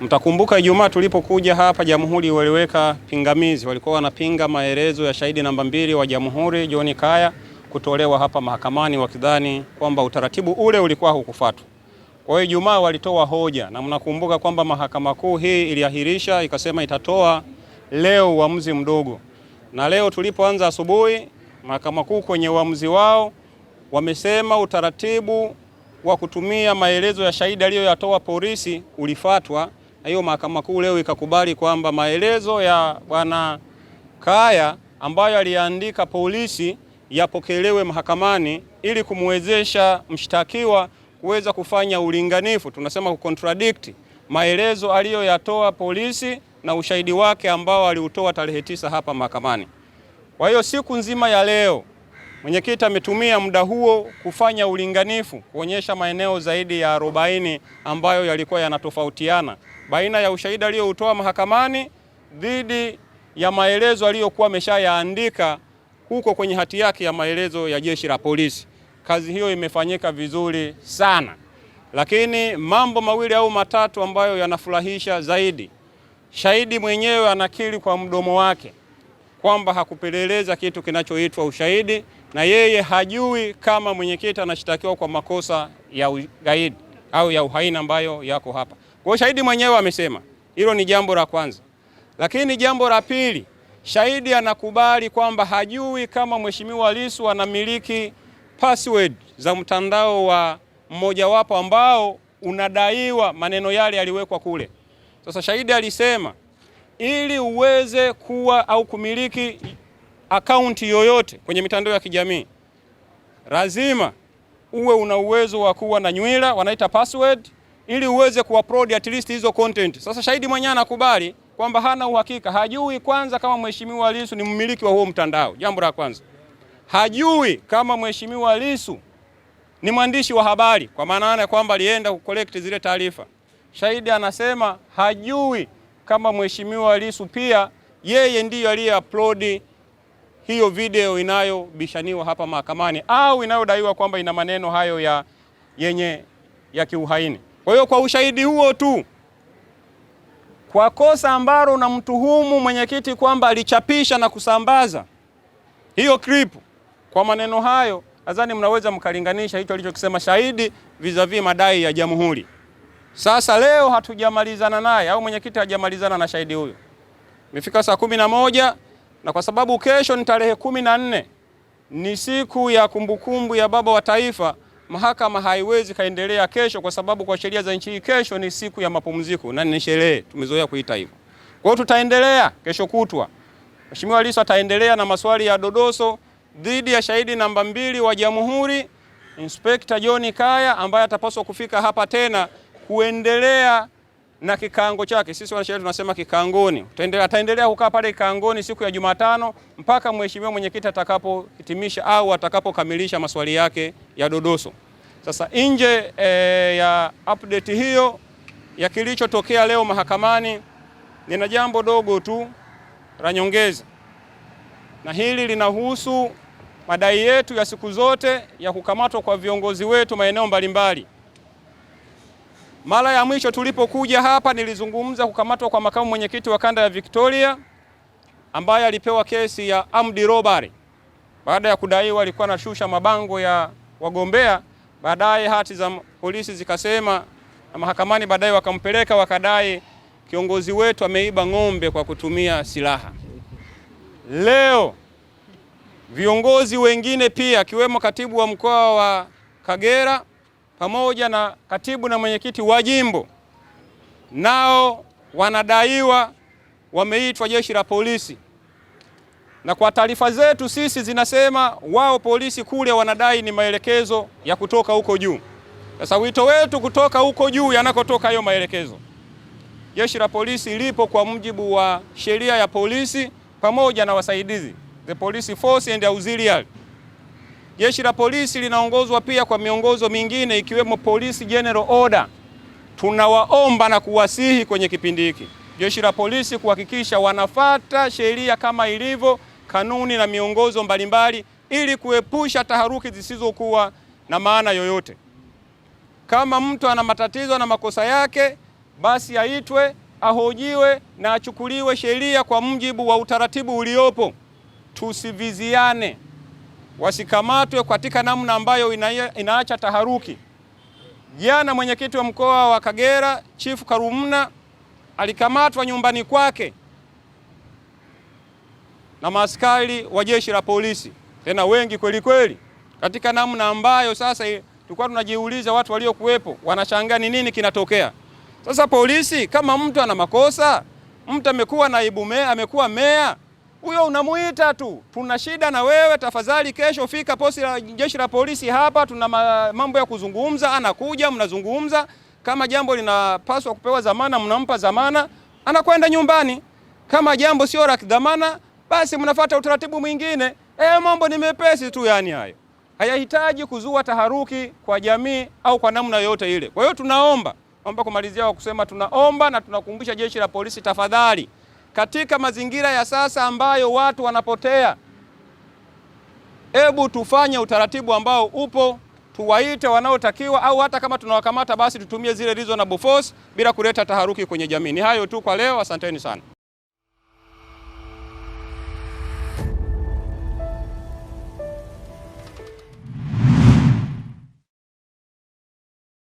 Mtakumbuka Ijumaa tulipokuja hapa Jamhuri waliweka pingamizi, walikuwa wanapinga maelezo ya shahidi namba mbili wa Jamhuri John Kaya kutolewa hapa mahakamani, wakidhani kwamba utaratibu ule ulikuwa hukufuatwa. Kwa hiyo Ijumaa walitoa hoja, na mnakumbuka kwamba mahakama kuu hii iliahirisha ikasema itatoa leo uamuzi mdogo, na leo tulipoanza asubuhi, mahakama kuu kwenye uamuzi wao wamesema utaratibu wa kutumia maelezo ya shahidi aliyoyatoa polisi ulifuatwa hiyo mahakama kuu leo ikakubali kwamba maelezo ya bwana Kaya ambayo aliandika polisi yapokelewe mahakamani ili kumwezesha mshtakiwa kuweza kufanya ulinganifu, tunasema kucontradict maelezo aliyoyatoa polisi na ushahidi wake ambao aliutoa tarehe tisa hapa mahakamani. Kwa hiyo siku nzima ya leo Mwenyekiti ametumia muda huo kufanya ulinganifu kuonyesha maeneo zaidi ya arobaini ambayo yalikuwa yanatofautiana baina ya ushahidi aliyoutoa mahakamani dhidi ya maelezo aliyokuwa ameshayaandika huko kwenye hati yake ya maelezo ya Jeshi la Polisi. Kazi hiyo imefanyika vizuri sana, lakini mambo mawili au matatu ambayo yanafurahisha zaidi, shahidi mwenyewe anakiri kwa mdomo wake kwamba hakupeleleza kitu kinachoitwa ushahidi na yeye hajui kama mwenyekiti anashitakiwa kwa makosa ya ugaidi au ya uhaini ambayo yako hapa. Kwa shahidi mwenyewe amesema hilo ni jambo la kwanza, lakini jambo la pili, shahidi anakubali kwamba hajui kama mheshimiwa Lissu anamiliki password za mtandao wa mmojawapo ambao unadaiwa maneno yale yaliwekwa kule. Sasa shahidi alisema ili uweze kuwa au kumiliki akaunti yoyote kwenye mitandao ya kijamii lazima uwe una uwezo wa kuwa na nywila wanaita password, ili uweze kuupload at least hizo content. Sasa shahidi mwenyewe anakubali kwamba hana uhakika, hajui kwanza kama mheshimiwa Lissu ni mmiliki wa huo mtandao. Jambo la kwanza, hajui kama mheshimiwa Lissu ni mwandishi wa habari, kwa maana ya kwamba alienda kucollect zile taarifa. Shahidi anasema hajui kama mheshimiwa Lissu pia yeye ndiyo aliye upload hiyo video inayobishaniwa hapa mahakamani au inayodaiwa kwamba ina maneno hayo ya yenye ya kiuhaini. Kwa hiyo kwa ushahidi huo tu, kwa kosa ambalo unamtuhumu mwenyekiti kwamba alichapisha na kusambaza hiyo clip kwa maneno hayo, nadhani mnaweza mkalinganisha hicho alichokisema shahidi vizavi madai ya jamhuri. Sasa leo hatujamalizana naye au mwenyekiti hajamalizana na shahidi huyo. Imefika saa kumi na moja na kwa sababu kesho ni tarehe kumi na nne ni siku ya kumbukumbu ya baba wa taifa, mahakama haiwezi kaendelea kesho, kwa sababu kwa sheria za nchi hii kesho ni siku ya mapumziko na ni sherehe, tumezoea kuita hivyo. Kwa hiyo tutaendelea kesho kutwa, Mheshimiwa Lissu ataendelea na maswali ya dodoso dhidi ya shahidi namba mbili wa Jamhuri, Inspekta John Kaya ambaye atapaswa kufika hapa tena kuendelea na kikango chake. Sisi wanasheria tunasema kikangoni, ataendelea kukaa pale kikangoni siku ya Jumatano mpaka mheshimiwa mwenyekiti atakapohitimisha au atakapokamilisha maswali yake ya dodoso. Sasa nje e, ya update hiyo ya kilichotokea leo mahakamani, nina jambo dogo tu la nyongeza, na hili linahusu madai yetu ya siku zote ya kukamatwa kwa viongozi wetu maeneo mbalimbali. Mara ya mwisho tulipokuja hapa nilizungumza kukamatwa kwa makamu mwenyekiti wa kanda ya Victoria ambaye alipewa kesi ya amdi robari baada ya kudaiwa alikuwa anashusha mabango ya wagombea. Baadaye hati za polisi zikasema na mahakamani, baadaye wakampeleka wakadai kiongozi wetu ameiba ng'ombe kwa kutumia silaha. Leo viongozi wengine pia akiwemo katibu wa mkoa wa Kagera pamoja na katibu na mwenyekiti wa jimbo nao wanadaiwa wameitwa jeshi la polisi, na kwa taarifa zetu sisi zinasema wao polisi kule wanadai ni maelekezo ya kutoka huko juu. Sasa wito wetu kutoka huko juu, yanakotoka hayo maelekezo, jeshi la polisi lipo kwa mujibu wa sheria ya polisi pamoja na wasaidizi, the police force and auxiliary Jeshi la polisi linaongozwa pia kwa miongozo mingine ikiwemo Polisi General Order. Tunawaomba na kuwasihi kwenye kipindi hiki jeshi la polisi kuhakikisha wanafata sheria kama ilivyo, kanuni na miongozo mbalimbali, ili kuepusha taharuki zisizokuwa na maana yoyote. Kama mtu ana matatizo na makosa yake, basi aitwe, ahojiwe na achukuliwe sheria kwa mujibu wa utaratibu uliopo. Tusiviziane wasikamatwe katika namna ambayo inaacha taharuki. Jana mwenyekiti wa mkoa wa Kagera Chifu Karumna alikamatwa nyumbani kwake na maaskari wa jeshi la polisi, tena wengi kweli kweli, katika namna ambayo sasa tulikuwa tunajiuliza, watu waliokuwepo wanashangaa ni nini kinatokea. Sasa polisi, kama mtu ana makosa, mtu amekuwa naibu meya, amekuwa meya huyo unamuita tu, tuna shida na wewe, tafadhali kesho fika posti la jeshi la polisi hapa, tuna mambo ya kuzungumza. Anakuja, mnazungumza, kama jambo linapaswa kupewa dhamana, mnampa dhamana, anakwenda nyumbani. Kama jambo sio la dhamana, basi mnafuata utaratibu mwingine. E, mambo ni mepesi tu, yani hayo hayahitaji kuzua taharuki kwa jamii au kwa namna yoyote ile. Kwa hiyo tunaomba omba kumalizia kwa kusema tunaomba na tunakumbusha jeshi la polisi, tafadhali katika mazingira ya sasa ambayo watu wanapotea, hebu tufanye utaratibu ambao upo, tuwaite wanaotakiwa, au hata kama tunawakamata basi tutumie zile na force bila kuleta taharuki kwenye jamii. Ni hayo tu kwa leo, asanteni sana.